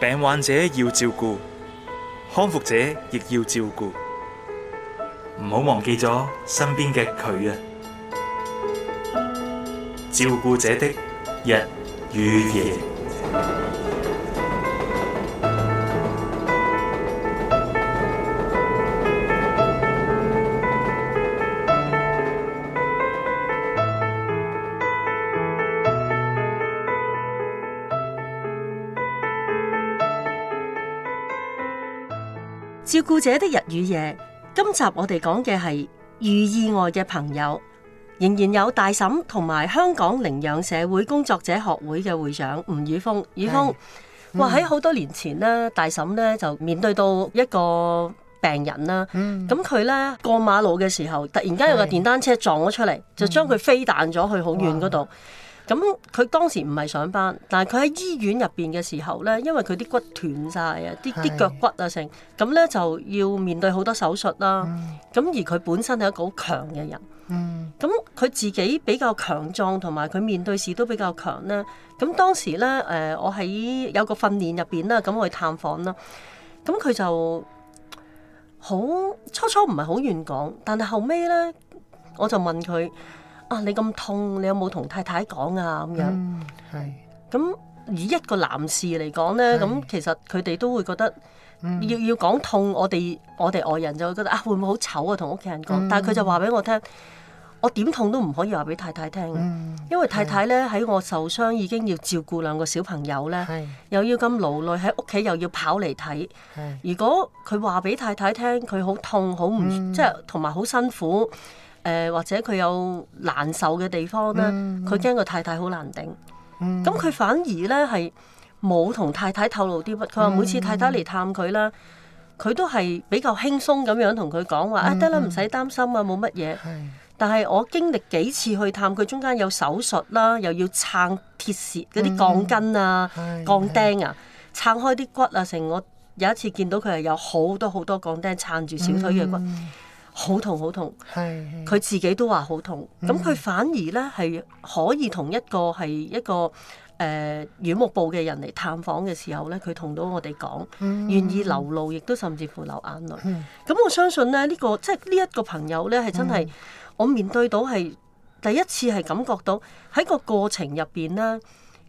病患者要照顧，康復者亦要照顧，唔好忘記咗身邊嘅佢呀！照顧者的日與夜。故者的日與夜，今集我哋講嘅係遇意外嘅朋友，仍然有大嬸同埋香港領養社會工作者學會嘅會長吳宇峰。宇峰，嗯、哇！喺好多年前咧，大嬸咧就面對到一個病人啦。咁佢咧過馬路嘅時候，突然間有個電單車撞咗出嚟，是就將佢飛彈咗去好遠嗰度。嗯咁佢當時唔係上班，但係佢喺醫院入邊嘅時候咧，因為佢啲骨斷晒啊，啲啲是腳骨啊成，咁咧就要面對好多手術啦。咁、嗯、而佢本身係一個好強嘅人，咁佢、嗯、自己比較強壯，同埋佢面對事都比較強咧。咁當時咧，誒、呃、我喺有個訓練入邊啦，咁我去探訪啦，咁佢就好初初唔係好願講，但係後尾咧，我就問佢。啊！你咁痛，你有冇同太太講啊？咁樣，係咁以一個男士嚟講咧，咁其實佢哋都會覺得要要講痛，我哋我哋外人就會覺得啊，會唔會好醜啊？同屋企人講，但係佢就話俾我聽，我點痛都唔可以話俾太太聽，因為太太咧喺我受傷已經要照顧兩個小朋友咧，又要咁勞累喺屋企，又要跑嚟睇。如果佢話俾太太聽，佢好痛，好唔即係同埋好辛苦。誒或者佢有難受嘅地方咧，佢驚個太太好難頂。咁佢、嗯、反而咧係冇同太太透露啲乜。佢話、嗯、每次太太嚟探佢啦，佢都係比較輕鬆咁樣同佢講話啊，得啦、嗯，唔使、哎嗯、擔心啊，冇乜嘢。是但係我經歷幾次去探佢，中間有手術啦，又要撐鐵舌嗰啲鋼筋啊、嗯嗯、鋼釘啊，撐開啲骨啊。成我有一次見到佢係有好多好多，多鋼釘撐住小腿嘅骨。嗯好痛，好痛。係佢的自己都話好痛。咁佢、嗯、反而咧係可以同一個係一個誒院牧部嘅人嚟探訪嘅時候咧，佢同到我哋講，願意流露，亦都甚至乎流眼淚，咁、嗯、我相信咧，呢、這個即係呢一個朋友咧係真係、嗯、我面對到係第一次係感覺到喺個過程入邊咧，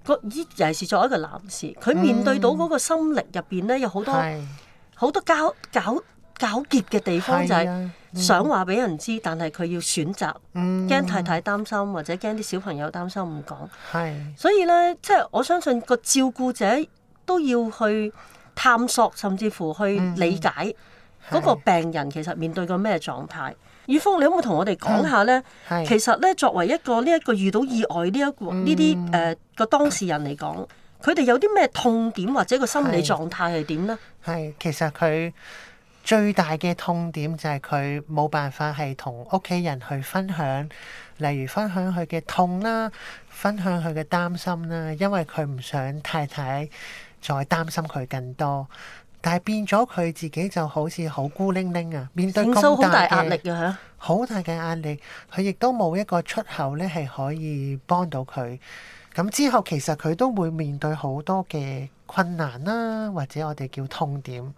個尤其是作為一個男士，佢面對到嗰個心靈入邊咧有好多好多交搞糾結嘅地方就係。的的嗯、想話俾人知，但係佢要選擇，驚、嗯、太太擔心，或者驚啲小朋友擔心唔講。係，所以咧，即係我相信個照顧者都要去探索，甚至乎去理解嗰個病人其實面對個咩狀態。宇峰，你有冇同我哋講下咧？其實咧，作為一個呢一個遇到意外呢一個呢啲誒個當事人嚟講，佢哋有啲咩痛點，或者個心理狀態係點咧？係，其實佢。最大嘅痛點就係佢冇辦法係同屋企人去分享，例如分享佢嘅痛啦，分享佢嘅擔心啦，因為佢唔想太太再擔心佢更多，但係變咗佢自己就好似好孤零零啊，面對咁好大壓力嘅、啊、嚇，好大嘅壓力，佢亦都冇一個出口咧，係可以幫到佢。咁之後其實佢都會面對好多嘅困難啦，或者我哋叫痛點。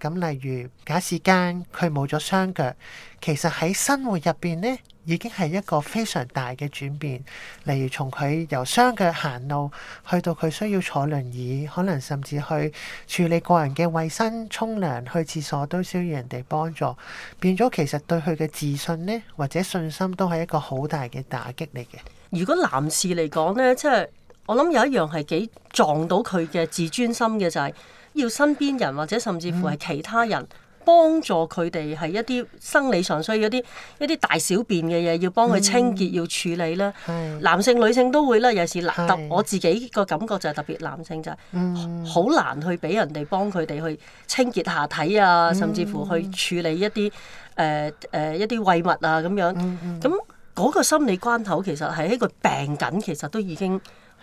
咁例如假使間佢冇咗雙腳，其實喺生活入邊咧，已經係一個非常大嘅轉變。例如從佢由雙腳行路，去到佢需要坐輪椅，可能甚至去處理個人嘅衛生、沖涼、去廁所，都需要人哋幫助，變咗其實對佢嘅自信咧，或者信心都係一個好大嘅打擊嚟嘅。如果男士嚟講咧，即係我諗有一樣係幾撞到佢嘅自尊心嘅就係、是。要身邊人或者甚至乎係其他人幫助佢哋，係一啲生理上需要一啲一啲大小便嘅嘢，要幫佢清潔、嗯、要處理啦。嗯、男性女性都會啦，有時得我自己個感覺就係特別男性就係、是、好難去俾人哋幫佢哋去清潔下體啊，甚至乎去處理一啲誒誒一啲穢物啊咁樣。咁嗰、嗯嗯、個心理關口其實係佢病緊，其實都已經。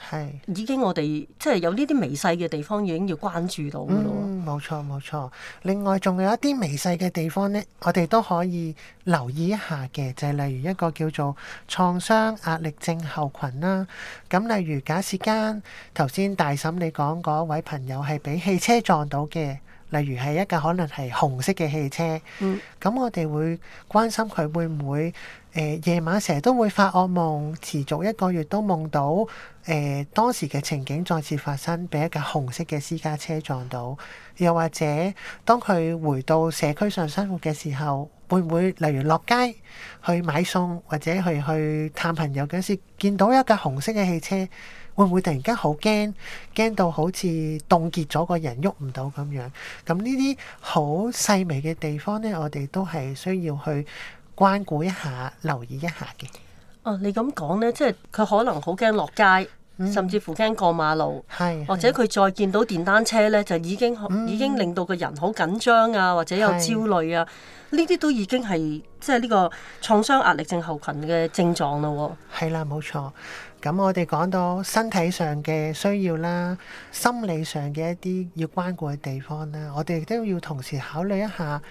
係，已經我哋即係有呢啲微細嘅地方已經要關注到咯。嗯。冇錯冇錯。另外仲有一啲微細嘅地方咧，我哋都可以留意一下嘅，就係例如一個叫做創傷壓力症候群啦。咁例如假設間頭先大嬸你講嗰位朋友係俾汽車撞到嘅，例如係一架可能係紅色嘅汽車。嗯。咁我哋會關心佢會唔會？呃、夜晚成日都會發惡夢，持續一個月都夢到誒、呃、當時嘅情景再次發生，畀一架紅色嘅私家車撞到。又或者當佢回到社區上生活嘅時候，會唔會例如落街去買餸或者去去探朋友嗰時，見到一架紅色嘅汽車，會唔會突然間好驚，驚到好似凍結咗個人喐唔到咁樣？咁呢啲好細微嘅地方咧，我哋都係需要去關顧一下，留意一下嘅。哦、啊，你咁講呢，即係佢可能好驚落街，嗯、甚至乎驚過馬路，的或者佢再見到電單車呢，就已經、嗯、已經令到個人好緊張啊，或者有焦慮啊，呢啲的都已經係即係呢個創傷壓力症候群嘅症狀咯、啊。係啦，冇錯。咁我哋講到身體上嘅需要啦，心理上嘅一啲要關顧嘅地方啦，我哋都要同時考慮一下。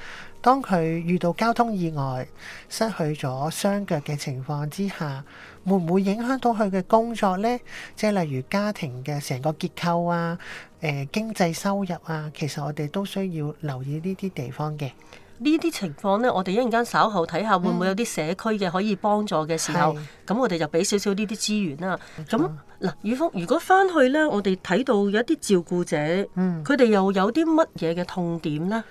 當佢遇到交通意外，失去咗雙腳嘅情況之下，會唔會影響到佢嘅工作呢？即係例如家庭嘅成個結構啊，誒、呃、經濟收入啊，其實我哋都需要留意呢啲地方嘅。呢啲情況呢，我哋一陣間稍後睇下會唔會有啲社區嘅可以幫助嘅時候，咁、嗯、我哋就俾少少呢啲資源啦。咁嗱冇錯，宇峯，如果翻去呢，我哋睇到有一啲照顧者，佢哋、嗯、又有啲乜嘢嘅痛點呢？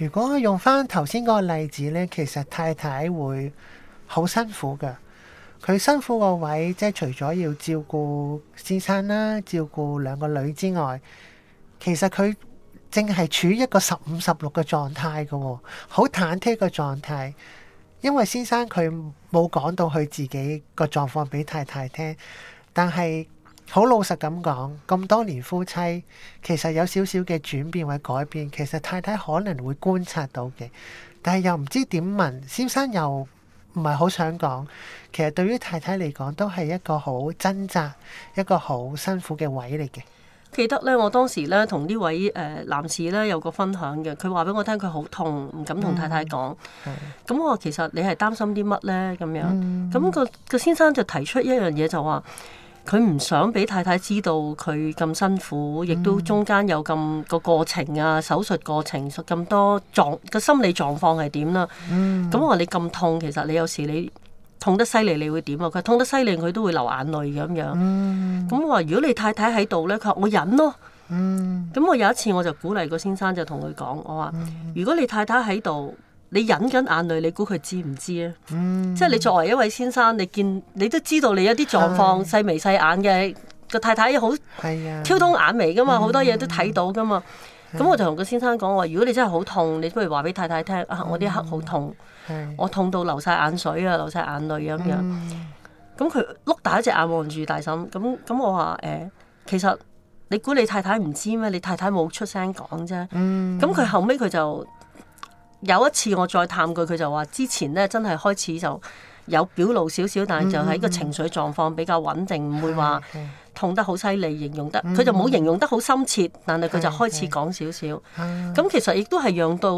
如果用翻頭先嗰個例子咧，其實太太會好辛苦嘅。佢辛苦個位即係除咗要照顧先生啦，照顧兩個女之外，其實佢淨係處於一個十五十六嘅狀態嘅，好忐忑嘅狀態。因為先生佢冇講到佢自己個狀況俾太太聽，但係，好老實咁講，咁多年夫妻，其實有少少嘅轉變或改變，其實太太可能會觀察到嘅，但係又唔知點問，先生又唔係好想講。其實對於太太嚟講，都係一個好掙扎、一個好辛苦嘅位嚟嘅。記得咧，我當時咧同呢位誒男士咧有個分享嘅，佢話俾我聽，佢好痛，唔敢同太太講。係、嗯。咁我其實你係擔心啲乜呢？咁樣。嗯。咁、嗰個個先生就提出一樣嘢，就話。佢唔想俾太太知道佢咁辛苦，亦都中間有咁個過程啊，手術過程咁多狀個心理狀況係點啦。咁我話你咁痛，其實你有時你痛得犀利，你會點啊？佢痛得犀利，佢都會流眼淚咁樣。咁我話如果你太太喺度咧，佢話我忍咯。咁、嗯、我有一次我就鼓勵個先生就同佢講，我話如果你太太喺度。你忍緊眼淚，你估佢知唔知咧？嗯、即係你作為一位先生，你見你都知道你一啲狀況的細眉細眼嘅個太太好，係啊的，挑通眼眉噶嘛，好、嗯、多嘢都睇到噶嘛。咁的我就同個先生講話：如果你真係好痛，你不如話俾太太聽啊！我啲黑好痛，的我痛到流晒眼水啊，流晒眼淚咁樣。咁佢碌大一隻眼望住大嬸，咁咁我話誒、欸，其實你估你太太唔知咩？你太太冇出聲講啫。咁佢、嗯、後尾，佢就。有一次我再探佢，佢就話：之前咧真係開始就有表露少少，但係就喺個情緒狀況比較穩定，唔、嗯、會話痛得好犀利。形容得佢、嗯、就冇形容得好深切，嗯、但係佢就開始講少少。咁、嗯、其實亦都係讓到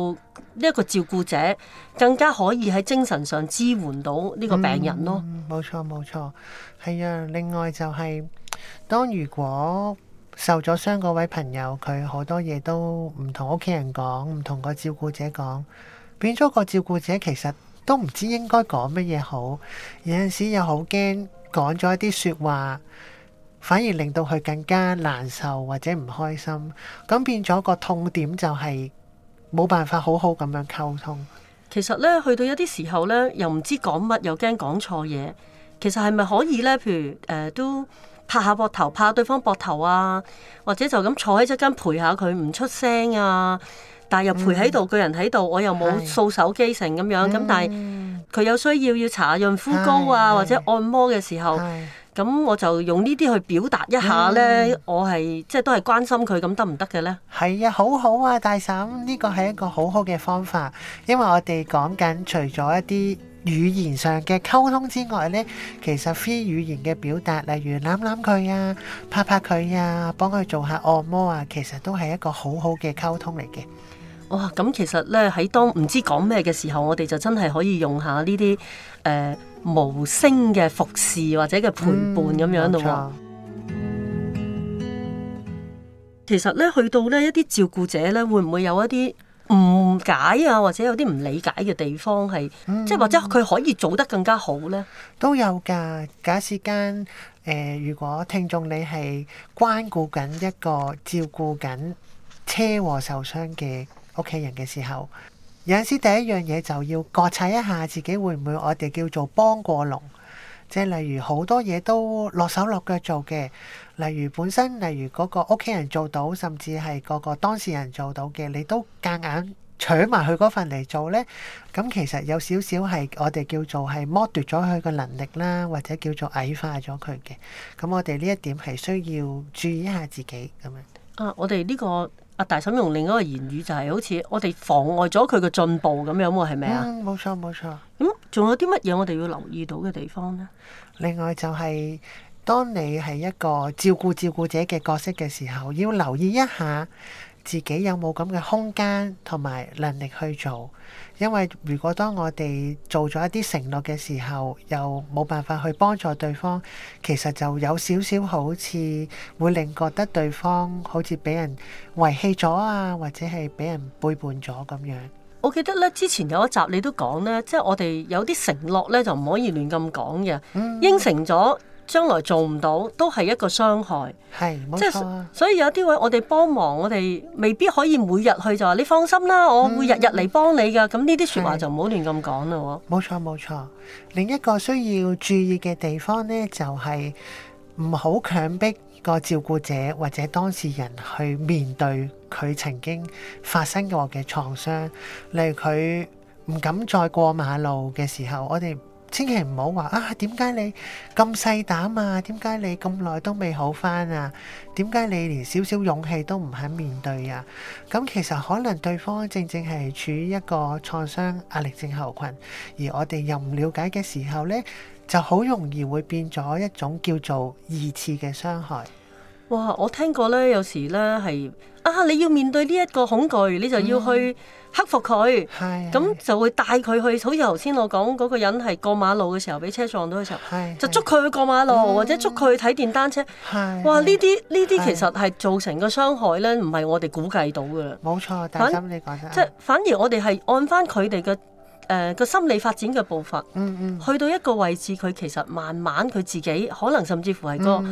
呢一個照顧者更加可以喺精神上支援到呢個病人咯。冇、嗯、錯，冇錯，係啊。另外就係、是、當如果。受咗傷嗰位朋友，佢好多嘢都唔同屋企人講，唔同個照顧者講，變咗個照顧者其實都唔知應該講乜嘢好。有陣時又好驚講咗一啲說話，反而令到佢更加難受或者唔開心。咁變咗個痛點就係冇辦法好好咁樣溝通。其實咧，去到一啲時候咧，又唔知講乜，又驚講錯嘢。其實係咪可以咧？譬如誒、呃，都。拍下膊頭，拍下對方膊頭啊，或者就咁坐喺側邊陪下佢，唔出聲啊，但係又陪喺度，個、嗯、人喺度，我又冇掃手機成咁樣，咁、嗯、但係佢有需要要搽潤膚膏啊，嗯、或者按摩嘅時候，咁、嗯、我就用呢啲去表達一下咧，嗯、我係即係都係關心佢，咁得唔得嘅咧？係啊，好好啊，大嬸，呢個係一個好好嘅方法，因為我哋講緊除咗一啲。語言上嘅溝通之外呢，其實非語言嘅表達，例如攬攬佢啊、拍拍佢啊、幫佢做下按摩啊，其實都係一個好好嘅溝通嚟嘅。哇、哦！咁其實呢，喺當唔知講咩嘅時候，我哋就真係可以用下呢啲誒無聲嘅服侍或者嘅陪伴咁樣咯。冇錯。其實呢，去到呢一啲照顧者呢，會唔會有一啲唔？唔解啊，或者有啲唔理解嘅地方，係即係或者佢可以做得更加好咧。都有噶，假設間誒。如果聽眾你係關顧緊一個照顧緊車禍受傷嘅屋企人嘅時候，有陣時第一樣嘢就要覺察一下自己會唔會我哋叫做幫過龍，即係例如好多嘢都落手落腳做嘅，例如本身例如嗰個屋企人做到，甚至係嗰個當事人做到嘅，你都夾硬。取埋佢嗰份嚟做呢，咁其實有少少係我哋叫做係剝奪咗佢嘅能力啦，或者叫做矮化咗佢嘅。咁我哋呢一點係需要注意一下自己咁樣。啊，我哋呢、這個阿大嬸用另一個言語就係好似我哋妨礙咗佢嘅進步咁樣喎，係咪啊？冇、嗯、錯，冇錯。咁仲、嗯、有啲乜嘢我哋要留意到嘅地方呢？另外就係、是、當你係一個照顧照顧者嘅角色嘅時候，要留意一下。自己有冇咁嘅空間同埋能力去做？因為如果當我哋做咗一啲承諾嘅時候，又冇辦法去幫助對方，其實就有少少好似會令覺得對方好似俾人遺棄咗啊，或者係俾人背叛咗咁樣。我記得咧，之前有一集你都講咧，即係我哋有啲承諾咧就唔可以亂咁講嘅，嗯、應承咗。將來做唔到，都係一個傷害。係，冇錯。所以有啲位我哋幫忙，我哋未必可以每日去就話你放心啦，我會日日嚟幫你噶。咁呢啲說話就唔好亂咁講咯。冇錯冇錯，另一個需要注意嘅地方呢，就係唔好強迫個照顧者或者當事人去面對佢曾經發生過嘅創傷，例如佢唔敢再過馬路嘅時候，我哋。千祈唔好話啊！點解你咁細膽啊？點解你咁耐都未好返啊？點解你連少少勇氣都唔肯面對啊？咁、嗯、其實可能對方正正係處於一個創傷壓力症候群，而我哋又唔了解嘅時候咧，就好容易會變咗一種叫做二次嘅傷害。哇！我聽過咧，有時咧係啊，你要面對呢一個恐懼，你就要去克服佢。係、嗯。咁就會帶佢去，好似頭先我講嗰、那個人係過馬路嘅時候，俾車撞到嘅時候，嗯、就捉佢去過馬路，嗯、或者捉佢去睇電單車。係、嗯。哇！呢啲呢啲其實係造成嘅傷害咧，唔係我哋估計到嘅啦。冇錯，大心反你講即係反而我哋係按翻佢哋嘅。誒個心理發展嘅步伐，去到一個位置，佢其實慢慢佢自己可能甚至乎係個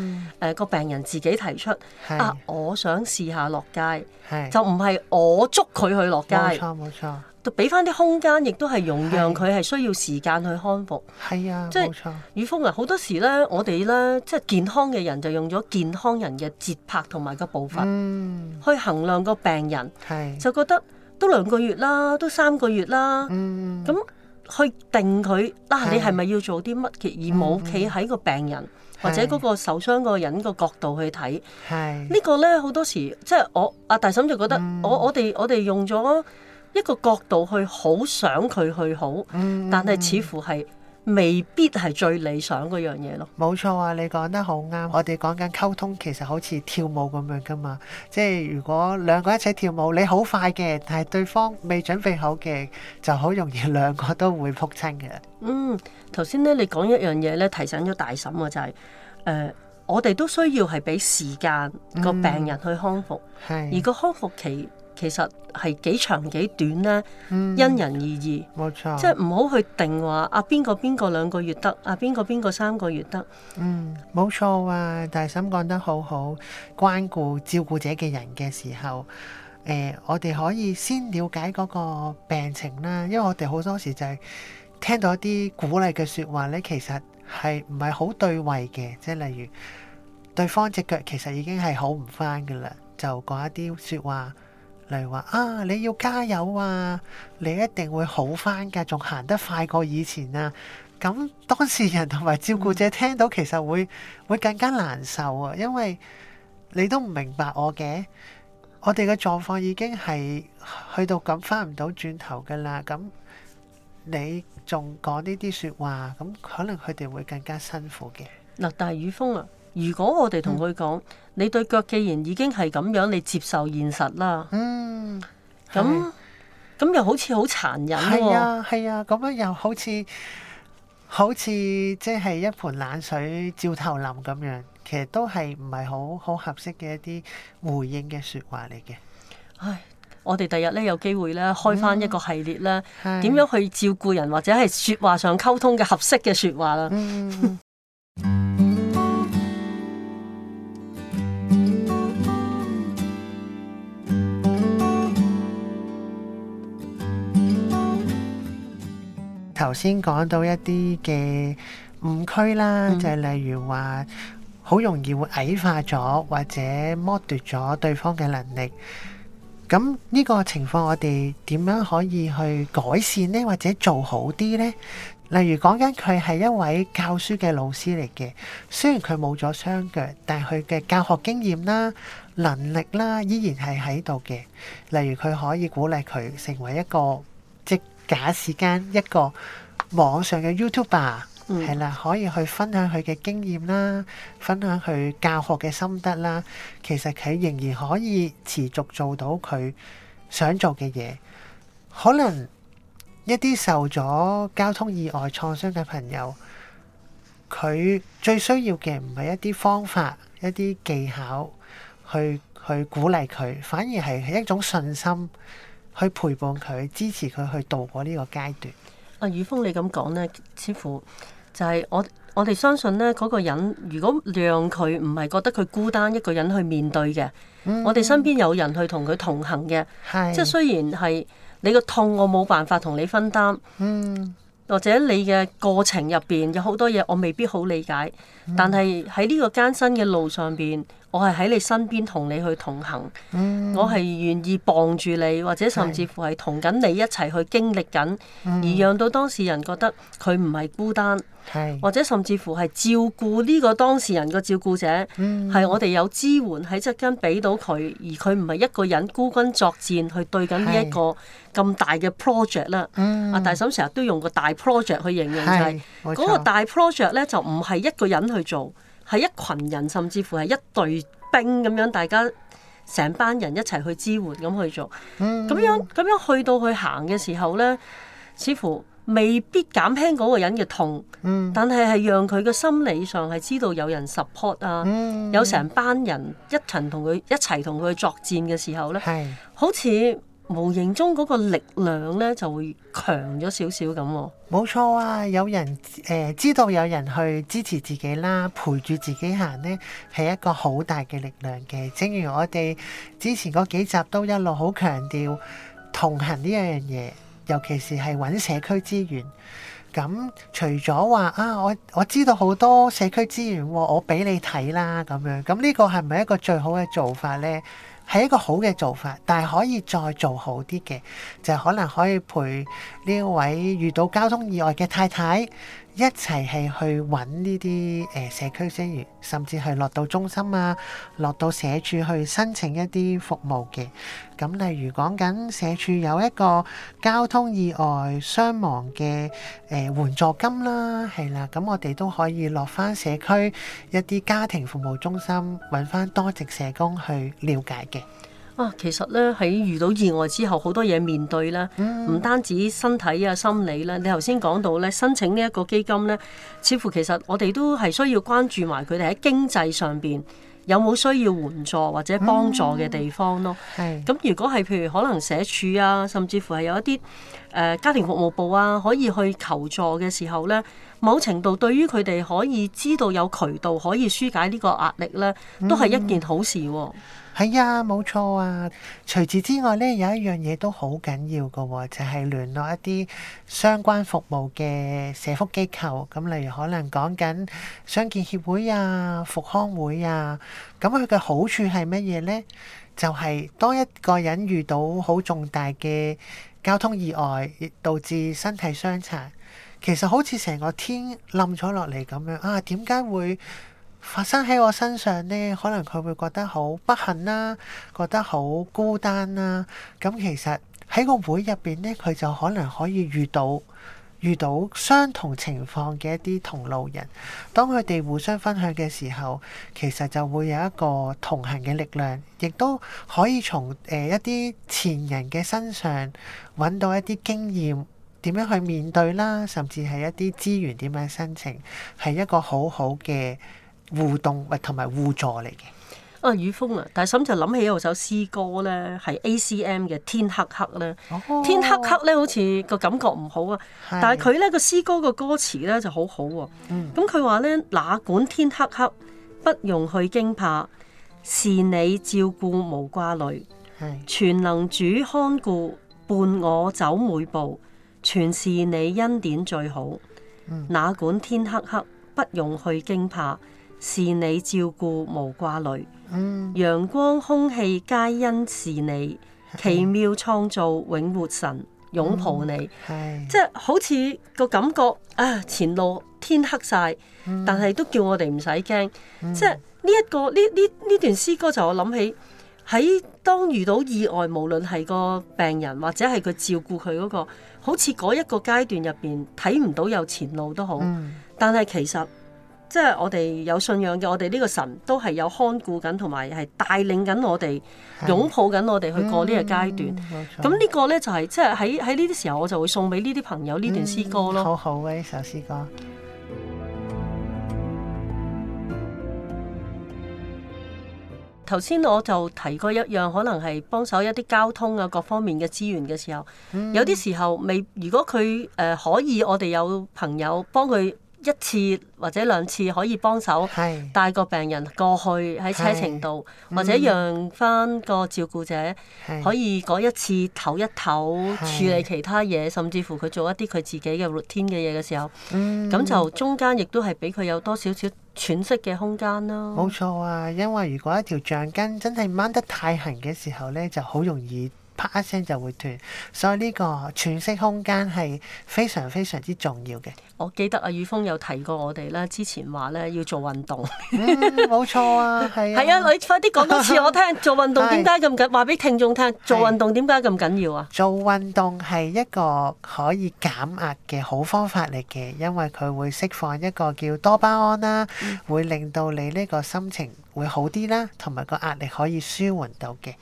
誒個病人自己提出啊，我想試下落街，就唔係我捉佢去落街，冇錯冇錯，就俾翻啲空間，亦都係容讓佢係需要時間去康復，係啊，即係雨風啊，好多時咧，我哋咧即係健康嘅人就用咗健康人嘅節拍同埋個步伐去衡量個病人，就覺得。都兩個月啦，都三個月啦。咁、嗯、去定佢，嗱、啊，是你係咪要做啲乜嘢而冇企喺個病人、嗯、或者嗰個受傷嗰個人個角度去睇。是個呢個咧好多時，即係我阿大嬸就覺得，嗯、我我哋我哋用咗一個角度去好想佢去好，嗯、但係似乎係。未必係最理想嗰樣嘢咯，冇錯啊！你講得好啱，我哋講緊溝通其實好似跳舞咁樣㗎嘛，即係如果兩個一齊跳舞，你好快嘅，但係對方未準備好嘅，就好容易兩個都會撲親嘅。嗯，頭先咧你講一樣嘢咧，提醒咗大嬸嘅、啊、就係、是，誒、呃，我哋都需要係俾時間、嗯、個病人去康復，是而個康復期。其實係幾長幾短咧，嗯、因人而異。冇錯錯，即係唔好去定話啊，邊個邊個兩個月得，啊，邊個邊個三個月得。嗯，冇錯啊，大嬸講得好好。關顧照顧者嘅人嘅時候，誒、呃，我哋可以先了解嗰個病情啦。因為我哋好多時就係聽到一啲鼓勵嘅說話咧，其實係唔係好對位嘅。即係例如，對方隻腳其實已經係好唔翻噶啦，就講一啲說話。例如話啊，你要加油啊！你一定會好翻㗎，仲行得快過以前啊！咁當事人同埋照顧者聽到，其實會會更加難受啊，因為你都唔明白我嘅，我哋嘅狀況已經係去到咁翻唔到轉頭噶啦。咁你仲講呢啲說話，咁可能佢哋會更加辛苦嘅。嗱、啊，大雨風啊！如果我哋同佢講，嗯你對腳既然已經係咁樣，你接受現實啦。嗯，咁咁那是又好似好殘忍喎。係啊，係啊，咁、啊、樣又好似好似即係一盆冷水照頭淋咁樣，其實都係唔係好好合適嘅一啲回應嘅説話嚟嘅。唉，我哋第日咧有機會咧開返一個系列咧，點、嗯、樣去照顧人或者係説話上溝通嘅合適嘅説話啦。嗯 頭先講到一啲嘅誤區啦，嗯、就係例如話好容易會矮化咗或者剝奪咗對方嘅能力。咁呢個情況，我哋點樣可以去改善呢？或者做好啲呢？例如講緊佢係一位教書嘅老師嚟嘅，雖然佢冇咗雙腳，但係佢嘅教學經驗啦、能力啦，依然係喺度嘅。例如佢可以鼓勵佢成為一個。假使間一個網上嘅 YouTuber 係啦、嗯，可以去分享佢嘅經驗啦，分享佢教學嘅心得啦。其實佢仍然可以持續做到佢想做嘅嘢。可能一啲受咗交通意外創傷嘅朋友，佢最需要嘅唔係一啲方法、一啲技巧去去鼓勵佢，反而係係一種信心。去陪伴佢，支持佢去度過呢個階段。阿宇峰，你咁講咧，似乎就係、是、我我哋相信咧，嗰、那個人如果讓佢唔係覺得佢孤單一個人去面對嘅，嗯、我哋身邊有人去同佢同行嘅，是即係雖然係你個痛，我冇辦法同你分擔，嗯、或者你嘅過程入邊有好多嘢我未必好理解，嗯、但係喺呢個艱辛嘅路上邊，我係喺你身邊同你去同行，嗯、我係願意傍住你，或者甚至乎係同緊你一齊去經歷緊，嗯、而讓到當事人覺得佢唔係孤單，嗯、或者甚至乎係照顧呢個當事人個照顧者，係、嗯、我哋有支援喺側邊俾到佢，而佢唔係一個人孤軍作戰去對緊呢一個咁大嘅 project 啦、嗯。阿、啊、大嬸成日都用個大 project 去形容，嗯、就係嗰個大 project 咧就唔係一個人去做。嗯嗯係一群人，甚至乎係一隊兵咁樣，大家成班人一齊去支援咁去做，咁樣咁、嗯、樣去到佢行嘅時候呢，似乎未必減輕嗰個人嘅痛，嗯、但係係讓佢嘅心理上係知道有人 support 啊，嗯、有成班人一群同佢一齊同佢作戰嘅時候呢，好似。無形中嗰個力量咧就會強咗少少咁。冇錯啊，有人誒、呃、知道有人去支持自己啦，陪住自己行咧係一個好大嘅力量嘅。正如我哋之前嗰幾集都一路好強調同行呢樣嘢，尤其是係揾社區資源。咁除咗話啊，我我知道好多社區資源，我俾你睇啦咁樣。咁呢個係咪一個最好嘅做法呢？係一個好嘅做法，但係可以再做好啲嘅，就係可能可以陪呢位遇到交通意外嘅太太。一齊係去揾呢啲誒社區資源，甚至係落到中心啊，落到社署去申請一啲服務嘅。咁例如講緊社署有一個交通意外傷亡嘅誒援助金啦，係啦，咁我哋都可以落返社區一啲家庭服務中心揾翻多職社工去了解嘅。啊，其實咧喺遇到意外之後，好多嘢面對啦，唔、嗯、單止身體啊、心理啦、啊。你頭先講到咧，申請呢一個基金咧，似乎其實我哋都係需要關注埋佢哋喺經濟上邊有冇需要援助或者幫助嘅地方咯。係。咁、嗯、如果係譬如可能社署啊，甚至乎係有一啲誒、呃、家庭服務部啊，可以去求助嘅時候咧，某程度對於佢哋可以知道有渠道可以疏解呢個壓力咧，都係一件好事喎、啊。嗯嗯。係啊，冇、哎、錯啊！除此之外咧，有一樣嘢都好緊要嘅喎、啊，就係、是、聯絡一啲相關服務嘅社福機構。咁、嗯、例如可能講緊傷健協會啊、復康會啊。咁佢嘅好處係乜嘢咧？就係、是、當一個人遇到好重大嘅交通意外，導致身體傷殘，其實好似成個天冧咗落嚟咁樣啊！點解會發生喺我身上咧，可能佢會覺得好不幸啦，覺得好孤單啦。咁其實喺個會入邊咧，佢就可能可以遇到遇到相同情況嘅一啲同路人。當佢哋互相分享嘅時候，其實就會有一個同行嘅力量，亦都可以從誒一啲前人嘅身上揾到一啲經驗，點樣去面對啦，甚至係一啲資源點樣申請，係一個好好嘅。互動咪同埋互助嚟嘅。啊，雨風啊，大嬸就諗起有首詩歌咧，係 A C M 嘅《天黑黑》咧，哦《天黑黑》咧，好似個感覺唔好啊。是但係佢咧個詩歌個歌詞咧就好好、啊、喎。咁佢話咧，哪管天黑黑，不用去驚怕，是你照顧無掛慮，是全能主看顧伴我走每步，全是你恩典最好。嗯、哪管天黑黑，不用去驚怕。是你照顧無掛慮，陽、嗯、光空氣皆因是你奇妙創造，永活神擁抱你，嗯、即係好似個感覺啊！前路天黑晒，嗯、但係都叫我哋唔使驚。嗯、即係呢一個呢呢呢段詩歌就我諗起喺當遇到意外，無論係個病人或者係佢照顧佢嗰個，好似嗰一個階段入邊睇唔到有前路都好，嗯、但係其實。即係我哋有信仰嘅，我哋呢個神都係有看顧緊，同埋係帶領緊我哋，擁抱緊我哋去過呢個階段。咁呢、嗯、個呢、就係，就係即係喺喺呢啲時候，我就會送俾呢啲朋友呢段詩歌咯。嗯、好好嘅呢首詩歌。頭先我就提過一樣，可能係幫手一啲交通啊，各方面嘅資源嘅時候，有啲時候未，如果佢誒可以，我哋有朋友幫佢。一次或者兩次可以幫手帶個病人過去喺車程度，是或者讓翻個照顧者是可以嗰一次唞一唞，是處理其他嘢，甚至乎佢做一啲佢自己嘅露天 routine 嘅嘢嘅時候，咁是、嗯、就中間亦都係俾佢有多少少喘息嘅空間咯。冇錯啊，因為如果一條橡筋真係掹得太痕嘅時候咧，就好容易。啪一聲就會斷，所以呢個喘息空間係非常非常之重要嘅。我記得阿、啊、宇峰有提過我哋啦，之前話咧要做運動，冇、 嗯、錯啊，係係啊，啊，你快啲講多次我聽。 做運動點解咁緊？話俾 是聽眾聽，做運動點解咁緊要啊？做運動係一個可以減壓嘅好方法嚟嘅，因為佢會釋放一個叫多巴胺啦，嗯、會令到你呢個心情會好啲啦，同埋個壓力可以舒緩到嘅。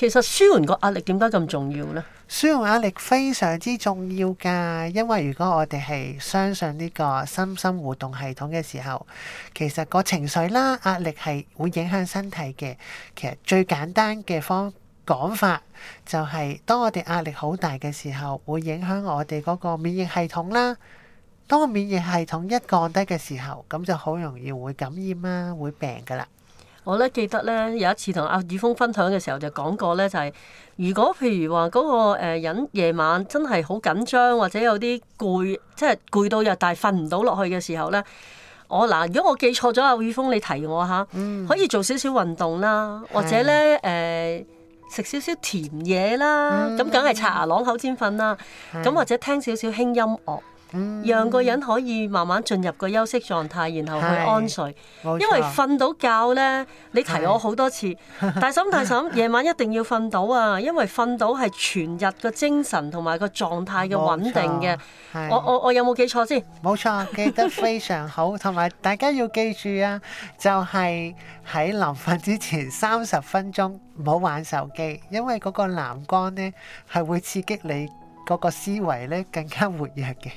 其實舒緩個壓力點解咁重要咧？舒緩壓力非常之重要噶，因為如果我哋係相信呢個身心活動系統嘅時候，其實個情緒啦、壓力係會影響身體嘅。其實最簡單嘅方講法就係、是，當我哋壓力好大嘅時候，會影響我哋嗰個免疫系統啦。當個免疫系統一降低嘅時候，咁就好容易會感染啦、啊，會病噶啦。我咧，記得咧，有一次同阿宇峰分享嘅時候，就講過咧，就係、是、如果譬如話嗰個人夜晚真係好緊張，或者有啲攰，即係攰到日，但係瞓唔到落去嘅時候咧，我嗱，如果我記錯咗，阿宇峰你提我吓、嗯、可以做少少運動啦的或者咧誒、呃、食少少甜嘢啦，咁梗係刷牙朗口先瞓啦，咁的或者聽少少輕音樂。嗯、讓個人可以慢慢進入個休息狀態，然後去安睡。因為瞓到覺呢，你提我好多次，是 大嬸大嬸，夜晚一定要瞓到啊！因為瞓到係全日個精神同埋個狀態嘅穩定嘅。我我我有冇記錯先？冇錯，記得非常好。同埋 大家要記住啊，就係喺臨瞓之前三十分鐘唔好玩手機，因為嗰個藍光呢係會刺激你。個個思維咧更加活躍嘅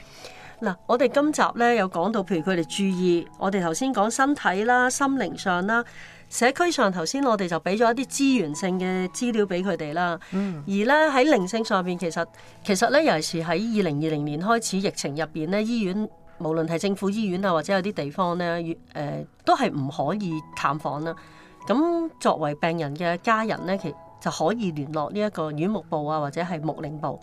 嗱，我哋今集咧有講到，譬如佢哋注意，我哋頭先講身體啦、心靈上啦、社區上，頭先我哋就俾咗一啲資源性嘅資料俾佢哋啦。嗯、而咧喺靈性上面，其實其實咧尤其是喺二零二零年開始疫情入邊咧，醫院無論係政府醫院啊，或者有啲地方咧，越、呃、都係唔可以探訪啦。咁作為病人嘅家人咧，其就可以聯絡呢一個院務部啊，或者係牧靈部。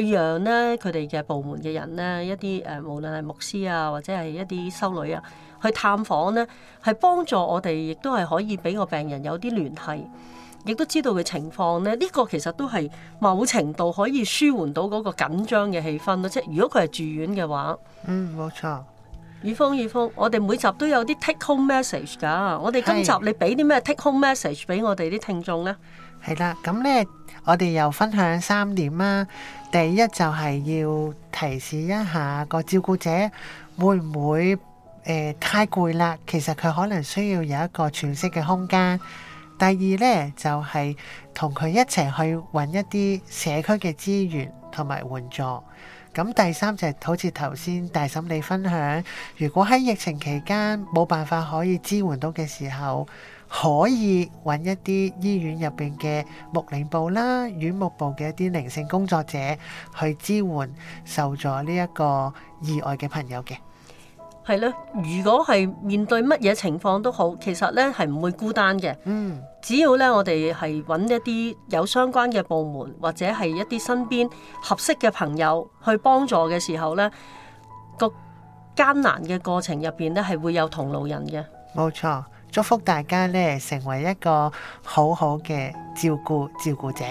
去讓咧佢哋嘅部門嘅人咧一啲誒，無論係牧師啊或者係一啲修女啊，去探訪咧，係幫助我哋亦都係可以俾個病人有啲聯繫，亦都知道嘅情況咧。呢個其實都係某程度可以舒緩到嗰個緊張嘅氣氛咯。即係如果佢係住院嘅話，嗯，冇錯。雨峰雨峰，我哋每集都有啲 take home message 㗎。我哋今集你俾啲咩 take home message 俾我哋啲聽眾咧？係啦，咁咧我哋又分享三點啦。第一就係要提示一下個照顧者會唔會誒、呃、太攰啦？其實佢可能需要有一個喘息嘅空間。第二咧就係同佢一齊去搵一啲社區嘅資源同埋援助。咁第三就係好似頭先大嬸你分享，如果喺疫情期間冇辦法可以支援到嘅時候。可以揾一啲醫院入邊嘅牧靈部啦，院牧部嘅一啲靈性工作者去支援受助呢一個意外嘅朋友嘅，係咯。如果係面對乜嘢情況都好，其實咧係唔會孤單嘅。嗯，只要咧我哋係揾一啲有相關嘅部門或者係一啲身邊合適嘅朋友去幫助嘅時候咧，個艱難嘅過程入邊咧係會有同路人嘅。冇錯。祝福大家咧，成為一個好好嘅照顧照顧者。